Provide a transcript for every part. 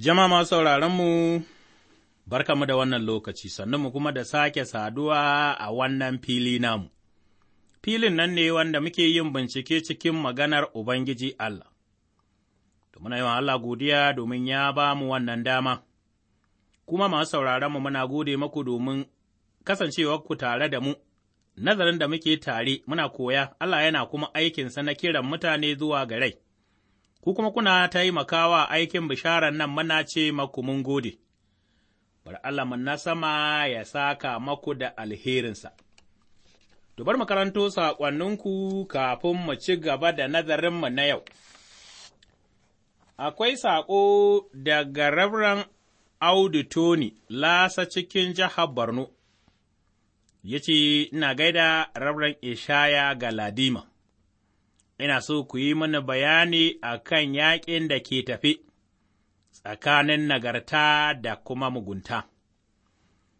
Jama masu sauraronmu, mu da wannan lokaci, sannan mu kuma da sake saduwa a wannan fili namu. Filin nan ne wanda muke yin bincike cikin maganar Ubangiji Allah. To muna yawan Allah godiya domin ya ba mu wannan dama, kuma masu sauraronmu muna gode maku domin kasancewarku tare da mu, nazarin da muke tare muna koya, Allah yana kuma aikinsa na kiran mutane zuwa ga rai. ku kuma kuna taimakawa aikin bisharar nan muna ce maku mun gode, bari na sama ya saka maku da alherinsa. Dubar mu saƙonninku kafin mu ci gaba da nazarinmu na yau. Akwai saƙo daga Rabran Audu Tony Lasa cikin jihar Borno, ya ce, Ina gaida Rabran Ishaya ga Ladima. ina so ku yi mana bayani a kan yaƙin da ke tafi tsakanin nagarta da kuma mugunta.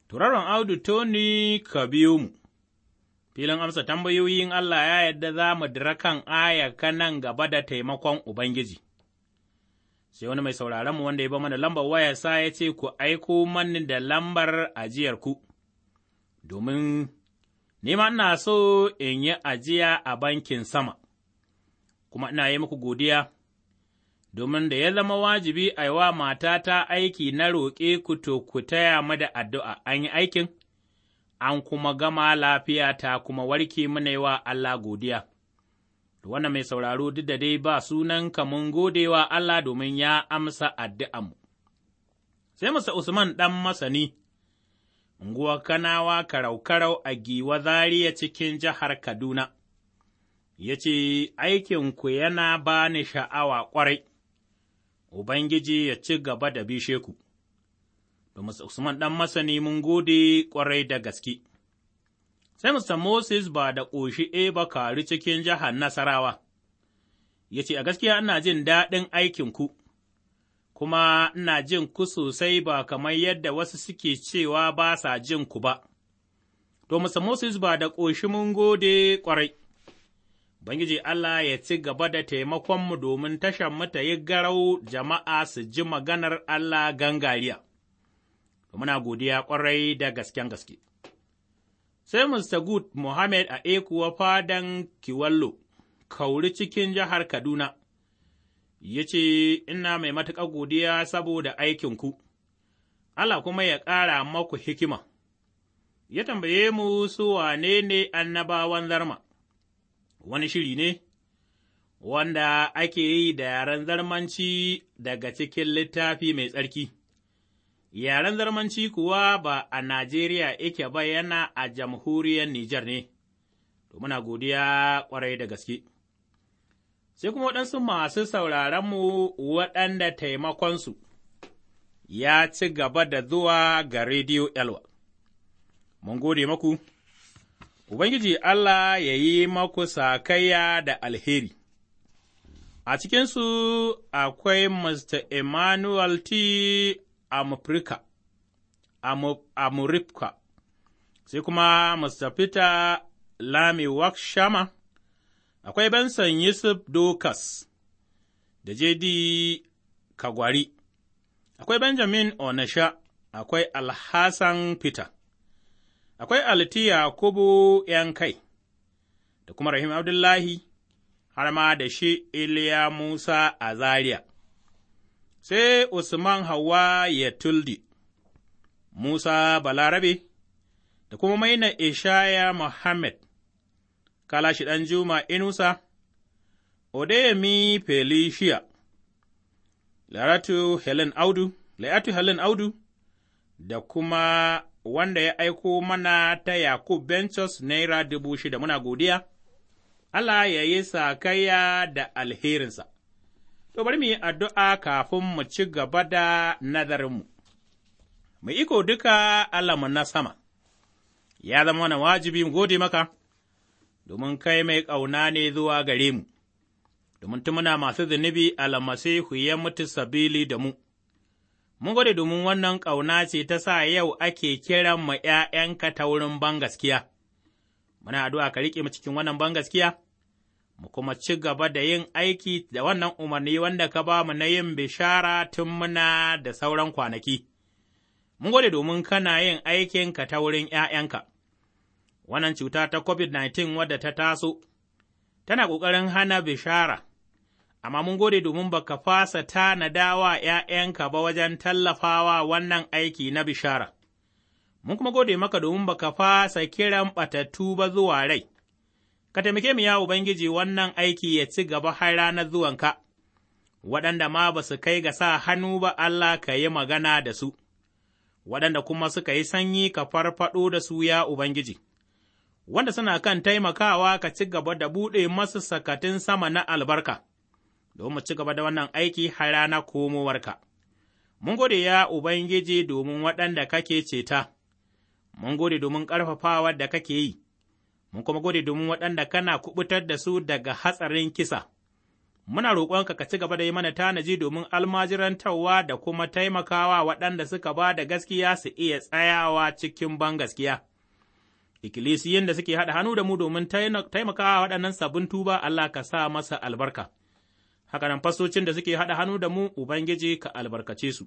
Turaron Audu Tony ka biyo mu, filin amsa tambayoyin Allah ya yadda za mu dira kan ayaka nan gaba da taimakon Ubangiji. Sai wani mai sauraron mu wanda ya ba mana lambar sa ya ce ku aiko mani da lambar ajiyarku, domin nema ina so in yi ajiya a bankin sama. kuma ina yi muku godiya, domin da ya zama wajibi a yi wa matata aiki na roƙe ku to ku taya mada addu'a an yi aikin, an kuma gama lafiya ta kuma warke mana yi wa Allah godiya. Da mai sauraro duk da dai ba sunan mun gode wa Allah domin ya amsa addu'amu? Sai Musa Usman ɗan masani, unguwa Kanawa karau-karau a Giwa Zaria cikin jihar Kaduna. ya ce, Aikinku yana ba ni sha'awa ƙwarai, Ubangiji ya ci gaba da bishe ku, domin Usman ɗan masani mun gode ƙwarai da gaske. Sai Mr. Moses ba da ƙoshi E ba kari cikin jihar Nasarawa, ya ce, A gaskiya ina jin daɗin aikinku, kuma ina jin ku sosai ba kamar yadda wasu suke cewa ba sa jin ku ba. To, Mr. Moses ba da ƙoshi mun gode ƙwarai. Bangiji Allah ya ci gaba da taimakonmu domin tashan ta yi garau jama'a su ji maganar Allah gangariya, muna godiya ƙwarai da gasken gaske. Sai Mr. Good Mohammed a ekuwa fadan Kiwallo, kauri cikin jihar Kaduna, ya ce, Ina mai matuƙar godiya saboda aikinku, Allah kuma ya ƙara maku hikima, ya tambaye mu su wane ne annabawan zarma. wani shiri ne wanda ake yi da yaren zarmanci daga cikin littafi mai tsarki. Yaren zarmanci kuwa ba a Najeriya yake ba yana a jamhuriyar Nijar ne, to muna godiya ƙwarai da gaske. Sai kuma waɗansu masu sauraronmu waɗanda taimakonsu ya ci gaba da zuwa ga Rediyo Elwa. Mun gode maku. Ubangiji Allah ya yi maku sakayya da alheri. A cikinsu akwai Mr. Emmanuel T. Amurka, Amurka, sai kuma Mr. Peter Lami Wakshama, akwai Benson Yusuf Dokas da J.D. Kagwari, akwai Benjamin Onasha, akwai Alhassan Peter. akwai Altiya Kubu ’yan kai, da kuma Rahim Abdullahi, har ma da shi Iliya Musa a Zaria, sai Usman Hawa ya tuldi, Musa Balarabe, da kuma maina Ishaya Muhammad, Kalashi ɗan Juma Inusa, Odeyemi Felicia, Laratu Helen Audu, Laratu Helen Audu, da kuma wanda ya aiko mana ta Yakub Benchos Naira dubu shida, muna godiya, Allah ya yi sakayya da alherinsa. To bari mu yi addu'a kafin mu ci gaba da nazarinmu. Mu iko duka Allahnmu na sama, ya zama wani wajibi mu gode maka, domin kai mai ƙauna ne zuwa gare mu, domin tumuna masu zunubi Almasihu ya mutu sabili da mu. Mun gode domin wannan ƙauna ce ta sa yau ake kiran mu ’ya'yanka ta wurin bangaskiya. Muna addu'a ka riƙe mu cikin wannan bangaskiya, mu kuma ci gaba da yin aiki da wannan umarni wanda ka ba mu na yin bishara tun muna da sauran kwanaki. Mun gode domin kana yin aikinka ta wurin ’ya'yanka. Wannan cuta ta COVID-19 wadda ta taso, tana ƙoƙarin hana bishara. amma mun gode domin baka fasa tanadawa ’ya'yanka ba wajen tallafawa wannan aiki na bishara, mun kuma gode maka domin baka fasa kiran ɓatattu ba zuwa rai, ka taimake mu ya Ubangiji wannan aiki ya ci gaba har ranar zuwanka, waɗanda ma ba su kai ga sa hannu ba Allah ka yi magana da su, waɗanda kuma suka yi sanyi ka farfaɗo da su ya Ubangiji. Wanda suna kan taimakawa ka ci gaba da buɗe masu sakatin sama na albarka. don mu ci gaba da wannan aiki har rana komowarka. Mun gode ya Ubangiji domin waɗanda kake ceta, mun gode domin ƙarfafawa da kake yi, mun kuma gode domin waɗanda kana kuɓutar da su daga hatsarin kisa. Muna roƙonka ka ci gaba da yi mana tanaji domin almajirantarwa da kuma taimakawa waɗanda suka ba da gaskiya su iya tsayawa cikin ban gaskiya. Ikkilisiyin da suke haɗa hannu da mu domin taimakawa waɗannan sabbin tuba Allah ka sa masa albarka. hakanan fastocin da suke haɗa hannu da mu Ubangiji ka albarkace su.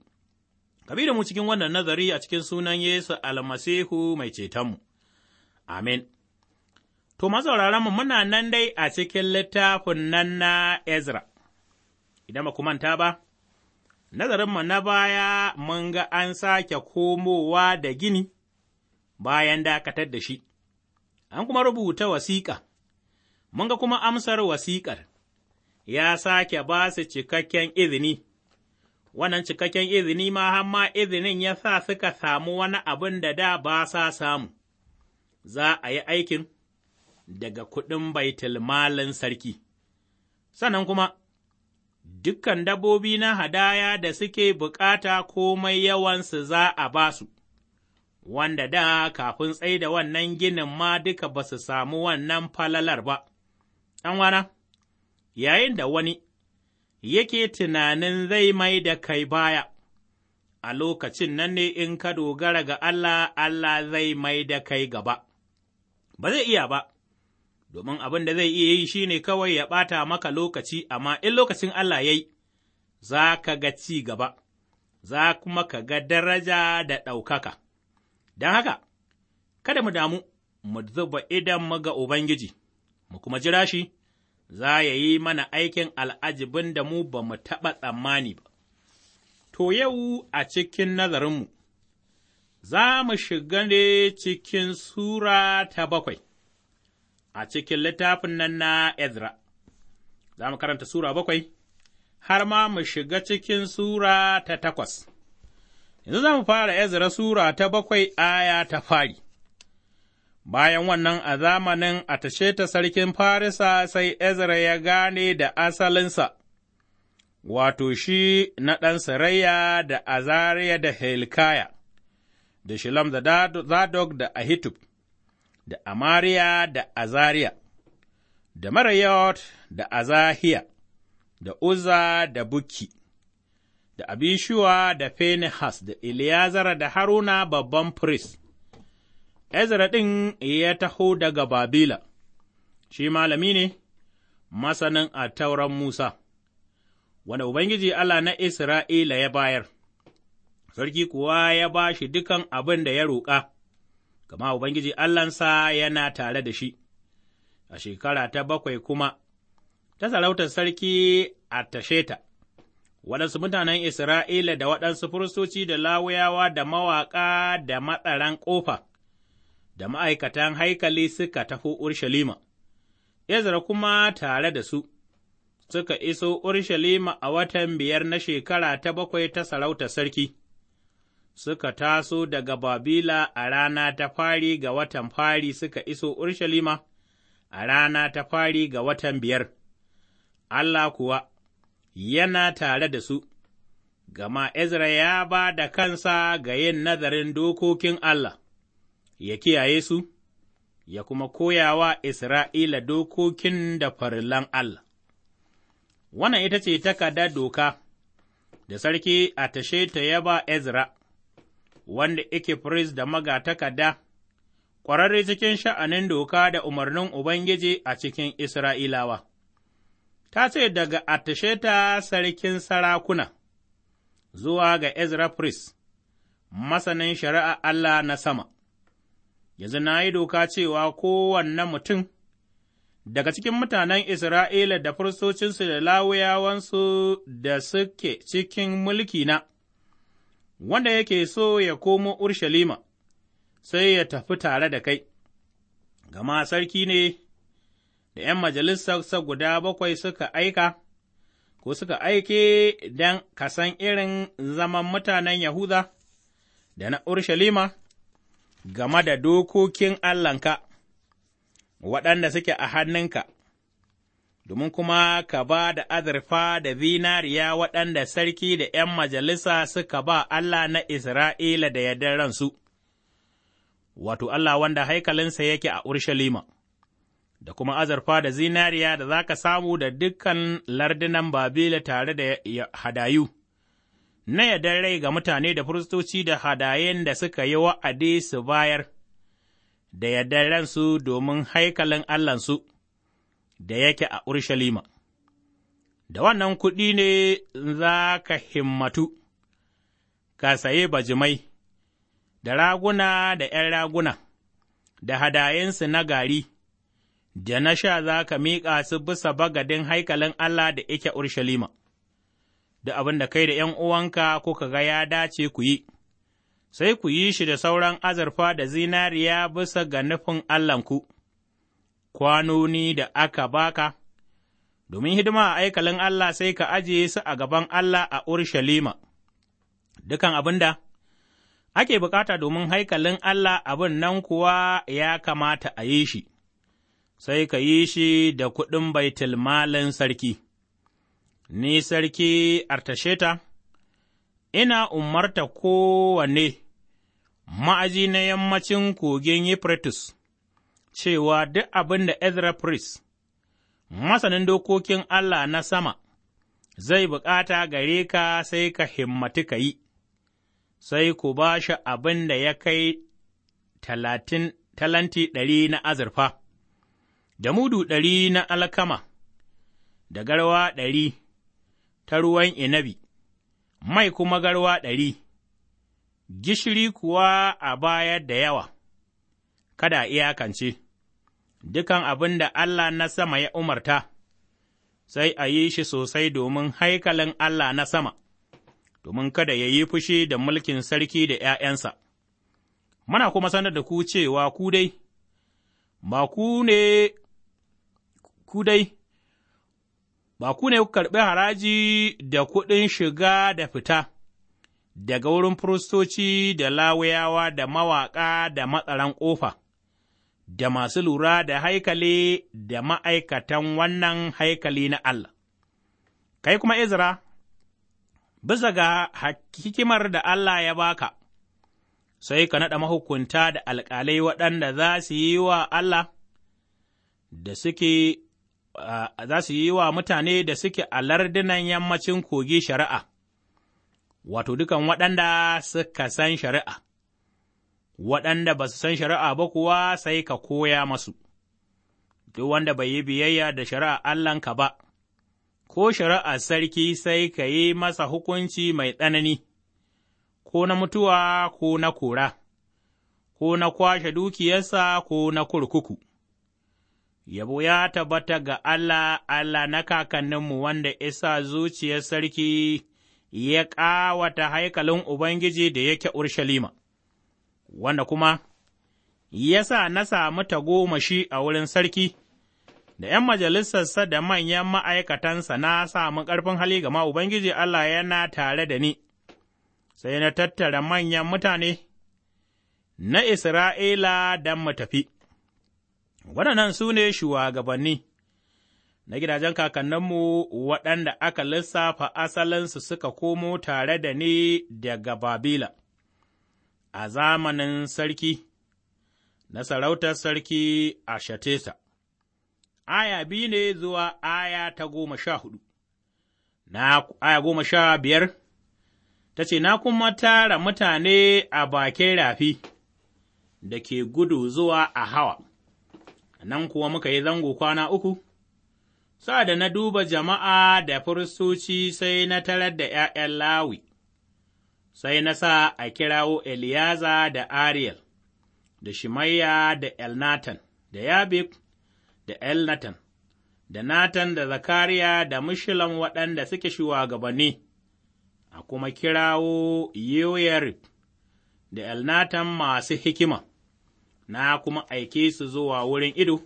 Ka bi da mu cikin wannan nazari a cikin sunan Yesu almasihu mai cetonmu. Amin. To, mu muna nan dai a cikin littafin nan na Ezra, idan ba manta ba, nazarinmu na baya mun ga an sake komowa da gini bayan dakatar da shi, an kuma rubuta wasiƙa, mun ga kuma amsar wasiƙar. ya sake ba su cikakken izini, wannan cikakken izini ma hamma izinin ya sa suka samu wani abin da da ba sa samu, za a yi aikin daga kuɗin baitulmalin sarki, sannan kuma dukkan dabbobi na hadaya da suke bukata komai yawansu za a ba su. wanda da kafin tsaida wannan ginin ma duka ba su samu wannan falalar ba, ’yan wana, yayin da wani yake tunanin zai mai da kai baya, a lokacin nan ne in ka dogara ga Allah, Allah zai mai da kai gaba, ba zai iya ba, domin abin da zai iya yi shi ne kawai ya ɓata maka lokaci, amma in lokacin Allah ya yi, za ka ga ci gaba, za kuma ka ga daraja da ɗaukaka. Don haka, kada mu damu, mu zuba idan mu ga Ubangiji, mu kuma jira shi. za ya yi mana aikin al'ajibin da mu ba mu taɓa tsammani ba. To, yau a cikin nazarinmu, za mu shiga ne cikin Sura ta bakwai, a cikin littafin nan na Ezra, za mu karanta Sura bakwai, har ma mu shiga cikin Sura ta takwas. Yanzu za mu fara Ezra Sura ta bakwai aya ta fari. Bayan wannan a zamanin a tashe ta sarkin Farisa sai Ezra ya gane da asalinsa, wato shi na ɗan Sarayya da Azariya da Helkaya, da Shilam da Zadok da Ahitub, da Amariya da Azariya, da Marayot da Azahiya, da Uza da Buki, da Abishuwa da Fenihas da Iliyazara da Haruna babban firist. Ezra ɗin ya taho daga Babila, shi malami ne, masanin a tauran Musa, wanda Ubangiji Allah na Isra'ila ya bayar, sarki kuwa ya ba shi dukan abin da ya roƙa, gama Ubangiji Allahnsa yana tare da shi, a shekara ta bakwai kuma, ta sarautar sarki a tashe ta. waɗansu mutanen Isra'ila da waɗansu firistoci da lawuyawa da mawaƙa da matsaran ƙofa da ma'aikatan haikali suka taho Urshalima, Ezra kuma tare da su, suka iso Urshalima a watan biyar na shekara ta bakwai ta sarauta sarki, suka taso daga Babila a rana ta fari ga watan fari suka iso Urshalima a rana ta fari ga watan biyar, Allah kuwa yana tare da su. gama Ezra ya ba da kansa ga yin nazarin dokokin Allah, ya kiyaye su, ya kuma koya wa Isra'ila dokokin da farillan Allah. Wannan ita ce takarda doka da sarki a tashe ta yaba Ezra, wanda yake firiz da magatakarda, ƙwararre cikin sha'anin doka da umarnin Ubangiji a cikin Isra'ilawa. Ta ce daga ta sarkin sarakuna zuwa ga Ezra firist, masanin shari'a Allah na sama. yanzu na yi doka cewa kowanne mutum daga cikin mutanen Isra'ila da firistocinsu da lawuyawansu da suke cikin mulkina, wanda yake so ya komo Urshalima, sai ya tafi tare da kai, gama sarki ne da ’yan majalisarsa guda bakwai suka aika, ko suka aike don ka san irin zaman mutanen Yahuda da na Urshalima, game da dokokin Allahnka, waɗanda suke a hannunka, domin kuma ka ba da azurfa da zinariya waɗanda sarki da ’yan majalisa suka ba Allah na Isra'ila da yardar ransu, wato Allah wanda haikalinsa yake a Urshalima. da kuma azurfa da zinariya da za ka samu da dukan lardunan Babila tare da hadayu, na yardar rai ga mutane da firistoci da hadayen da suka yi wa'adi su bayar, da yardar ransu domin haikalin Allahnsu da yake a Urushalima. Da wannan kuɗi ne za ka himmatu, ka saye bajimai, da raguna da ’yan raguna, da hadayensu na gari, da na sha za ka miƙa su bisa bagadin haikalin Allah da yake Urushalima. da abin da kai da ’yan uwanka kuka ga ya dace ku yi, sai ku yi shi da sauran azurfa da zinariya bisa ga nufin Allahnku, kwanoni da aka baka, domin hidima a aikalin Allah sai ka ajiye su a gaban Allah a Urshalima, dukan abin da ake bukata domin haikalin Allah abin nan kuwa ya kamata a yi shi, sai ka yi shi da kuɗin baitulmalin sarki. Ni sarki Artasheta, ina umarta kowane ma'aji na yammacin kogin Euphrates cewa duk abin da Ezra Priest, masanin dokokin Allah na sama, zai bukata gare ka sai ka himmatu ka yi, sai ku ba shi abin da ya kai talatin talanti ɗari na azurfa, da mudu ɗari na alkama, da garwa ɗari, ta ruwan inabi, mai kuma garwa ɗari, gishiri kuwa a bayar da yawa, kada a iyakance, dukan abin da Allah na sama ya umarta, sai a yi shi sosai domin haikalin Allah na sama, domin kada ya yi fushi da mulkin sarki da ’ya'yansa. Muna kuma sanar da ku cewa ku dai, ba ku ne, ku dai, ba ku ne kuka karɓi haraji da kuɗin shiga da fita daga wurin firistoci da lawuyawa da mawaƙa da matsaran ƙofa, da masu lura da haikali da ma'aikatan wannan haikali na Allah. Kai kuma Ezra, bisa ga hikimar da Allah ya baka, sai ka naɗa mahukunta da alƙalai waɗanda za su yi wa Allah da suke za su yi wa mutane da suke a lardunan yammacin kogi shari'a, wato dukan waɗanda suka san shari'a, waɗanda ba su san shari'a ba kuwa sai ka koya masu, duk wanda bai yi biyayya da shari'a Allahnka ba, ko shari'a sarki sai ka yi masa hukunci mai tsanani, ko na mutuwa ko na kora, ko na kwashe dukiyarsa ko na kurkuku. Yabo ya tabbata ga Allah, Allah na kakanninmu wanda isa zuciyar sarki ya ƙawata haikalin Ubangiji da yake Urshalima, wanda kuma ya sa na samu tagomashi a wurin sarki, da ’yan majalisarsa da manyan ma'aikatansa na samu ƙarfin hali gama Ubangiji Allah yana tare da ni, sai na tattara manyan mutane na Isra'ila don mu tafi. Waɗannan su ne shugabanni na gidajen kakanninmu waɗanda aka lissafa asalinsu suka komo tare da ni daga Babila, a zamanin sarki, na sarautar sarki a shatesa Aya biyu ne zuwa aya ta goma sha hudu, na aya goma sha biyar, ta ce, Na kuma tara mutane a bakin rafi da ke gudu zuwa a hawa. nan kuwa muka yi zango kwana uku, sa'ad da na duba jama'a da firistoci sai na tarar da ’ya'yan Lawi, sai na sa a kirawo Eliyaza da Ariel, da Shimayya da Elnatan, da Yabik da Elnatan, da Natan da Zakariya da mishilan waɗanda suke shugabanni, a kuma kirawo Yoyarib da Elnatan masu hikima. na kuma aike su zuwa wurin ido,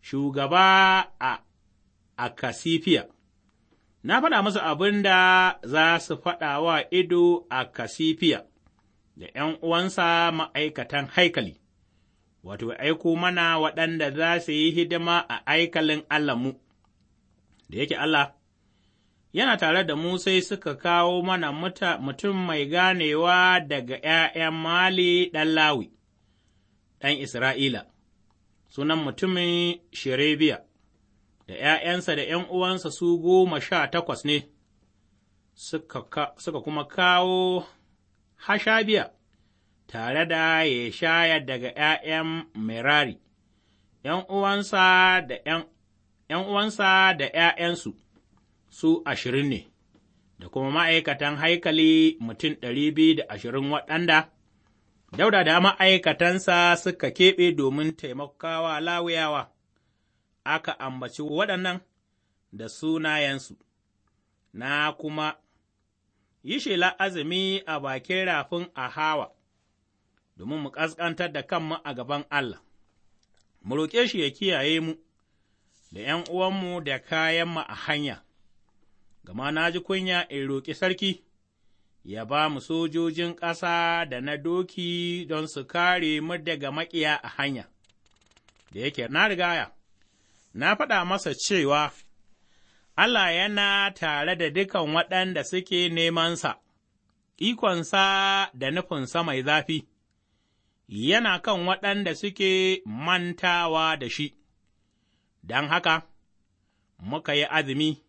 shugaba a Akasifiya. Na faɗa musu abin da za su faɗa wa ido a Kasifiya da ’yan uwansa ma'aikatan haikali, wato, aiko mana waɗanda za su yi hidima a aikalin Allahnmu, da yake Allah, yana tare da mu sai suka kawo mana mutum mai ganewa daga ’ya'yan Mali ɗan Lawi. ɗan Isra'ila, sunan mutumin Sherebiya, da ’ya'yansa da ’yan uwansa su goma sha takwas ne, suka, kuma kawo Hashabiya tare da ya shaya daga ’ya'yan Merari, ’yan uwansa da ’ya'yansu su ashirin ne, da kuma ma'aikatan haikali mutum ɗari biyu da ashirin waɗanda Dauda da ma'aikatansa suka keɓe domin taimakawa lawuyawa, aka ambaci waɗannan da sunayensu, na kuma yi shela azumi a bakin rafin Hawa, domin mu ƙasƙantar da kanmu a gaban Allah, mu roƙe shi ya kiyaye mu da ’yan uwanmu da kayanmu a hanya, gama na ji kunya in roƙi sarki. ya ba mu sojojin ƙasa da na doki don su kare mu daga maƙiya a hanya, da yake na rigaya, na faɗa masa cewa Allah yana tare da dukan waɗanda suke nemansa, ikonsa da nufinsa mai zafi, yana kan waɗanda suke mantawa da shi, don haka muka yi azumi,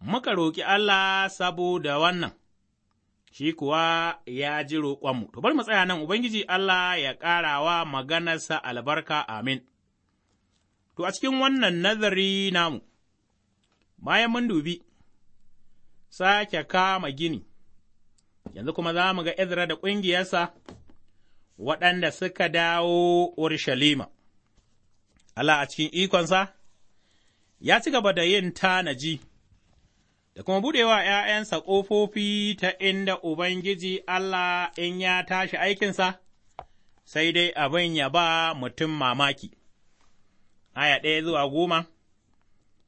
muka roƙi Allah saboda wannan. shi kuwa ya ji roƙonmu. To bari mu tsaya nan Ubangiji Allah ya ƙarawa maganarsa albarka amin. To a cikin wannan nazari namu, bayan mun dubi, sake kama gini, yanzu kuma za mu ga Ezra da ƙungiyarsa waɗanda suka dawo Urshalima. Allah a cikin ikonsa, ya ci gaba da yin tanaji. da kuma buɗewa ’ya'yansa ƙofofi ta inda Ubangiji Allah in ya tashi aikinsa, sai dai abin ya ba mutum mamaki. Aya ɗaya zuwa goma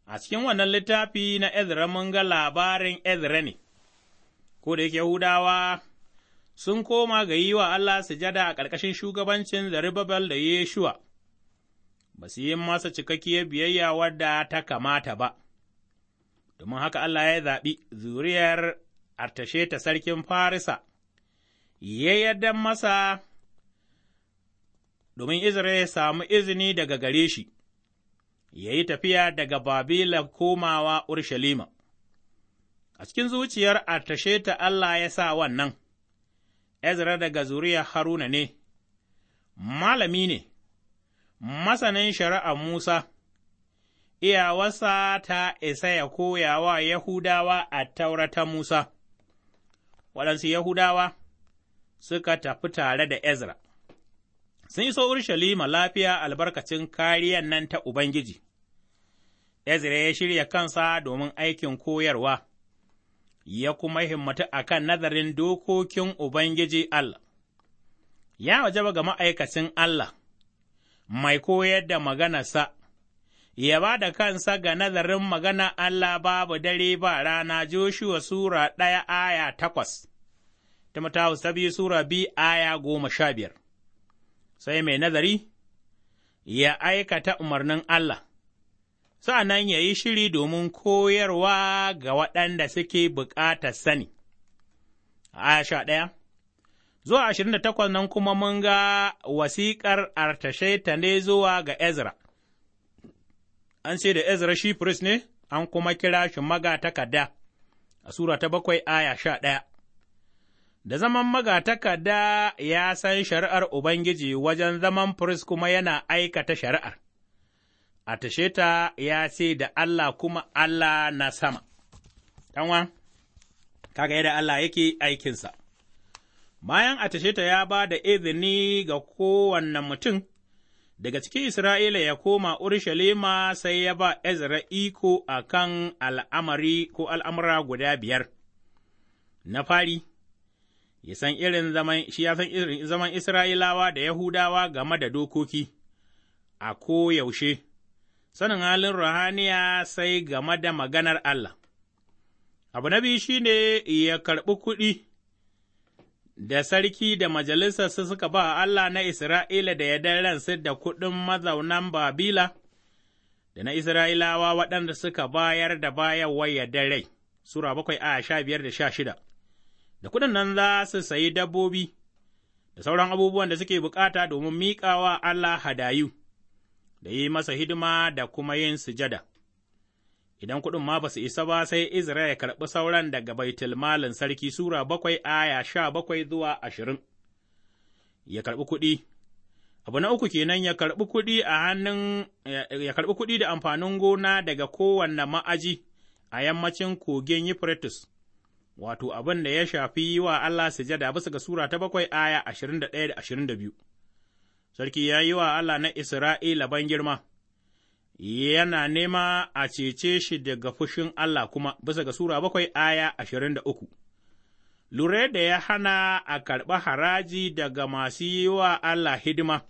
A cikin wannan littafi na Ezra mun ga labarin Ezra ne, ko da yake Yahudawa sun koma ga yi wa Allah sujada a ƙarƙashin shugabancin Zerubbabel da Yeshua, ba su yi masa cikakkiyar biyayya wadda ta kamata ba. domin haka Allah ya zaɓi zuriyar Artasheta sarkin Farisa, ya yarda masa domin Isra'il ya samu izini daga gare shi, ya yi tafiya daga Babila komawa Urshalima. A cikin zuciyar Artasheta Allah ya sa wannan, Ezra daga zuriyar Haruna ne, malami ne, masanin shari'ar Musa. iyawarsa ta isa ya koya wa Yahudawa a taura ta Musa, waɗansu Yahudawa suka tafi tare da Ezra, sun iso Urshalima lafiya albarkacin kariyan nan ta Ubangiji, Ezra ya shirya kansa domin aikin koyarwa, ya kuma himmatu a kan nazarin dokokin Ubangiji Allah, ya wajaba ga ma'aikacin Allah, mai koyar da maganarsa. ya ba da kansa ga nazarin magana Allah babu dare ba rana Joshua Sura ɗaya aya takwas, Timotaus ta biyu Sura biyu aya goma sha biyar, sai mai nazari ya aikata umarnin Allah, sa'an ya yi shiri domin koyarwa ga waɗanda suke buƙatar sani. Aya sha ɗaya Zuwa ashirin da takwas nan kuma mun ga wasiƙar Artashe ta ne zuwa ga Ezra. an ce da Ezra shi firist ne, an kuma kira shi magatakada a Sura ta bakwai aya sha ɗaya. Da zaman magatakarda ya san shari'ar Ubangiji wajen zaman firist kuma yana aikata shari'ar, a tashe ta ya ce da Allah kuma Allah na sama. Ɗanwa, kaga yadda Allah yake aikinsa. Bayan a tashe ta ya ba da izini ga kowanne mutum. daga cikin Isra'ila ya koma Urushalima sai ya ba Ezra iko a kan al'amari ko al'amura guda biyar. Na fari, ya san irin zaman, shi ya san irin zaman Isra'ilawa da Yahudawa game da dokoki a koyaushe, sanin halin ruhaniya sai game da maganar Allah. Abu na biyu shi ne ya karɓi kuɗi da sarki da majalisarsa suka ba Allah na Isra'ila da ya ransu da kuɗin mazaunan Babila, da na Isra'ilawa waɗanda suka bayar da bayarwar yardar rai, Sura bakwai a sha biyar da sha shida, da kuɗin nan za su sayi dabbobi da sauran abubuwan da suke bukata domin miƙawa Allah hadayu, da yi masa hidima da kuma yin sujada. idan kuɗin ma ba su isa ba sai Izra ya karɓi sauran daga baitul malin sarki Sura bakwai aya sha bakwai zuwa ashirin, ya karɓi kuɗi. Abu na uku kenan ya karɓi kuɗi a hannun, ya karɓi kuɗi da amfanin gona daga kowanne ma'aji a yammacin kogin Euphrates, wato abin da ya shafi yi wa Allah sujada bisa ga Sura ta bakwai aya ashirin da ɗaya da ashirin da biyu. Sarki ya yi wa Allah na Isra'ila ban girma. yana nema a cece shi daga fushin Allah kuma bisa ga Sura bakwai aya ashirin da uku. Lure da ya hana a karɓi haraji daga masu yi wa Allah hidima,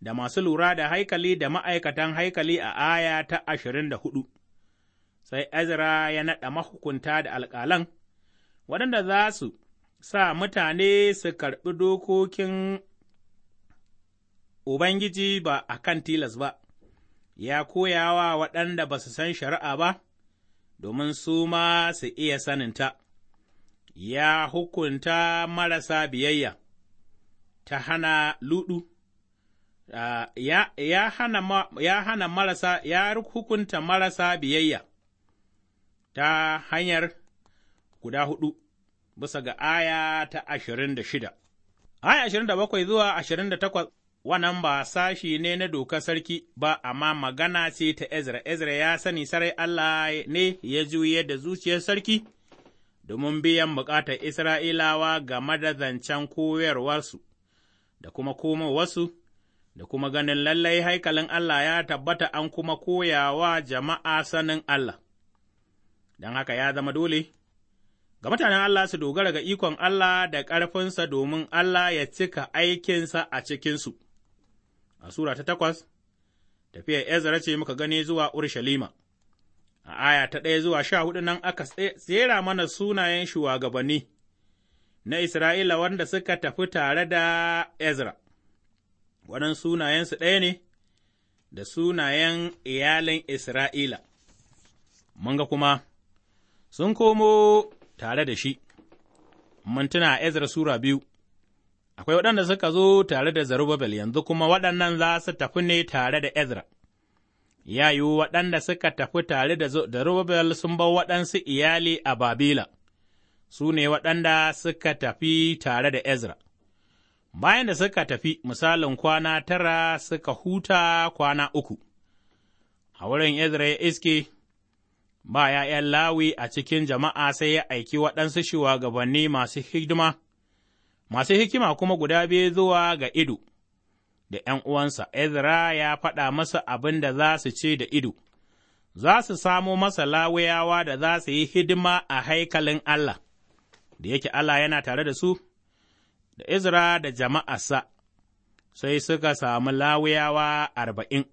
da masu lura da haikali da ma'aikatan haikali a aya ta ashirin da hudu. Sai Ezra ya naɗa mahukunta da alƙalan, waɗanda za su sa mutane su karɓi dokokin Ubangiji ba a kan tilas ba. ya koya wa waɗanda ba su san shari'a ba, domin su ma su iya saninta, ya hukunta marasa biyayya ta hana luɗu, uh, ya, ya, hana ma, ya hana marasa, ya hukunta marasa biyayya ta hanyar guda huɗu, bisa ga aya ta ashirin da shida. Aya ashirin da bakwai zuwa ashirin da takwas wannan ba sashi ne na doka sarki ba, amma magana ce ta Ezra, Ezra ya sani sarai Allah ne ya juye da zuciyar sarki domin biyan bukatar Isra'ilawa ga da zancen koyarwarsu, da kuma komowarsu, da kuma ganin lallai haikalin Allah ya tabbata an kuma koyawa jama'a sanin Allah. Don haka ya zama dole, ga mutanen Allah su dogara ga ikon Allah da ƙarfinsa domin Allah ya cika aikinsa a cikinsu. a Sura ta takwas, tafiyar Ezra ce muka gani zuwa Urushalima. A aya ta ɗaya zuwa sha hudu nan aka tsera mana sunayen shugabanni na Isra'ila wanda suka tafi tare da Ezra, waɗan sunayensu ɗaya ne da sunayen iyalin Isra'ila, mun ga kuma sun komo tare da shi, mun tuna Ezra Sura biyu. akwai waɗanda suka zo tare da Zerubbabel yanzu kuma waɗannan za su tafi ne tare da Ezra. Ya yiwu waɗanda suka tafi tare da Zerubbabel sun bar waɗansu iyali a Babila, su ne waɗanda suka tafi tare da Ezra. Bayan da suka tafi misalin kwana tara suka huta kwana uku, a wurin Ezra ya iske ba ’ya'yan Lawi a cikin jama'a sai ya aiki waɗansu shugabanni masu hidima. masu hikima kuma guda biyu zuwa ga ido da ’yan uwansa, Ezra ya faɗa masa abin da za su ce da ido, za su samo masa lawuyawa da za su yi hidima a haikalin Allah, da yake Allah yana tare da su, da Ezra da jama'arsa, sai suka samu lawuyawa arba'in,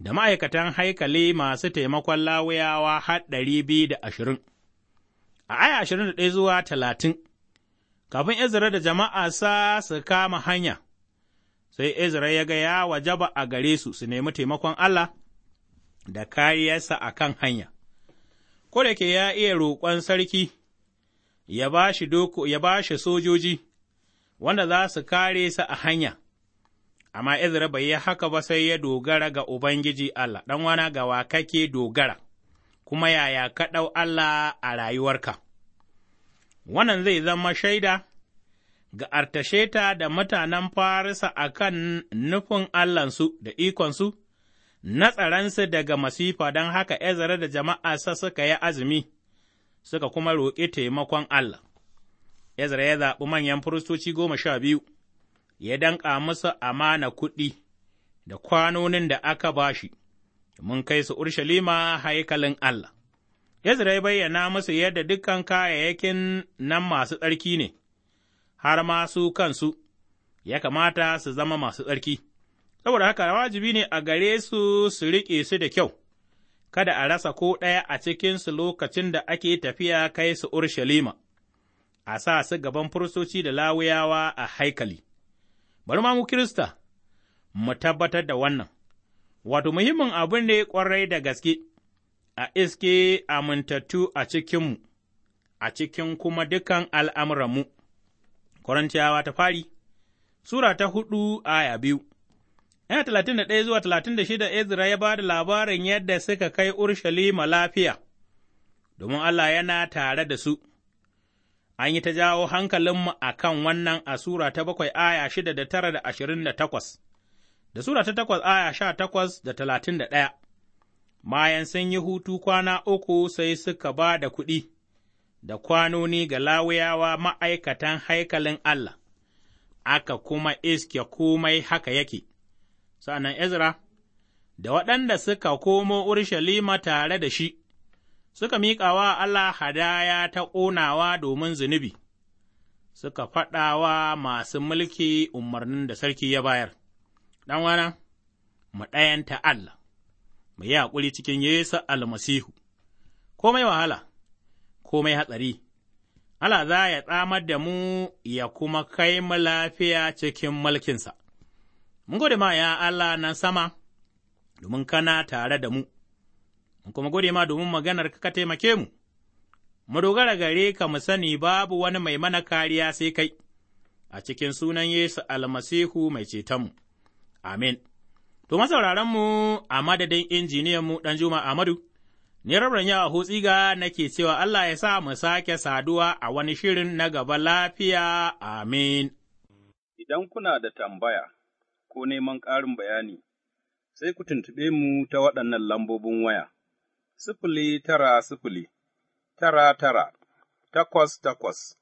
da ma'aikatan haikali masu taimakon lawuyawa har ɗari biyu da ashirin. A aya ashirin da ɗaya zuwa talatin. Kafin Ezra da jama'a sa su kama hanya, sai Ezra ya gaya wa Jaba a gare su su nemi taimakon Allah da kariyarsa a kan hanya. Ko da ke ya iya roƙon sarki, ya ba shi sojoji, wanda za su kare sa a hanya. amma Ezra bai yi haka ba sai ya dogara ga Ubangiji Allah, ɗan wana ga wa kake dogara, kuma yaya ka ɗau Allah a rayuwarka. wannan zai zama shaida ga Artasheta da mutanen Farisa a kan nufin Allahnsu da ikonsu, na tsaransu daga masifa don haka Ezra da jama'arsa suka yi azumi, suka kuma roƙi taimakon Allah. Ezra ya zaɓi manyan firistoci goma sha biyu, ya danƙa musu amana kuɗi da kwanonin da aka ba shi, mun kai su Urshalima haikalin Allah. Ezra ya bayyana musu yadda dukkan kayayyakin nan masu tsarki ne, har ma su kansu, ya kamata su zama masu tsarki, saboda haka wajibi ne a gare su su riƙe su da kyau, kada a rasa ko ɗaya a cikinsu lokacin da ake tafiya kai su Urshalima, a sa su gaban firistoci da lawuyawa a haikali. Bari ma mu Kirista, mu tabbatar da wannan, wato muhimmin abin ne ƙwarai da gaske. a iske amintattu a cikinmu, a cikin kuma dukan al'amuranmu. Korintiyawa ta fari, Sura ta hudu aya biyu Yana talatin da ɗaya zuwa talatin da shida Ezra ya ba da labarin yadda suka kai Urshalima lafiya, domin Allah yana tare da su. An yi ta jawo hankalinmu a kan wannan a Sura ta bakwai aya shida da tara da ashirin da takwas, da Sura ta takwas aya sha takwas da talatin da ɗaya. bayan sun yi hutu kwana uku sai suka ba da kuɗi da kwanoni ga lawuyawa ma'aikatan haikalin Allah, aka kuma iske komai haka yake, sa'an Ezra, da waɗanda suka komo Urshalima tare da shi, suka miƙa wa Allah hadaya ta ƙonawa domin zunubi, suka faɗa wa masu mulki umarnin da sarki ya bayar, ɗan wana, mu ɗayanta Allah. mu yi haƙuri cikin Yesu almasihu, komai wahala, komai hatsari, Allah za ya tsamar da mu ya kuma kai mu lafiya cikin mulkinsa. Mun gode ma ya Allah na sama, domin kana tare da mu, mun kuma gode ma domin maganar ka taimake mu, mu dogara gare ka mu sani babu wani mai mana kariya sai kai, a cikin sunan Yesu almasihu mai cetonmu. Amin. To, masauraranmu a madadin injiniyanmu juma Amadu, ni rabin yawa ga nake cewa Allah ya sa mu sake saduwa a wani shirin na gaba lafiya, amin. Idan kuna da tambaya ko neman ƙarin bayani, sai ku tuntuɓe mu ta waɗannan lambobin waya, sifili tara sifili, tara tara, takwas takwas,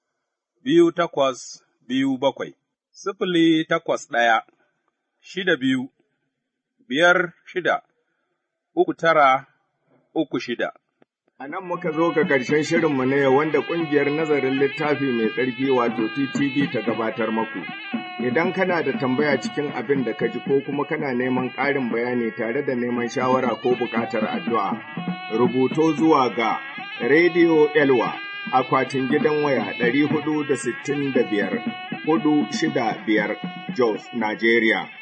biyu takwas biyu bakwai, sifili takwas ɗaya, shida biyu. biyar shida, uku tara, uku shida. A nan muka zo ga ƙarshen shirinmu ne wanda ƙungiyar nazarin littafi mai tsarki wato TTV ta gabatar maku. Idan kana da tambaya cikin abin da ka ji ko kuma kana neman ƙarin bayani tare da neman shawara ko buƙatar addu'a, rubuto zuwa ga Radio Elwa akwatin gidan waya ɗari da da sittin biyar shida biyar Jos, Najeriya.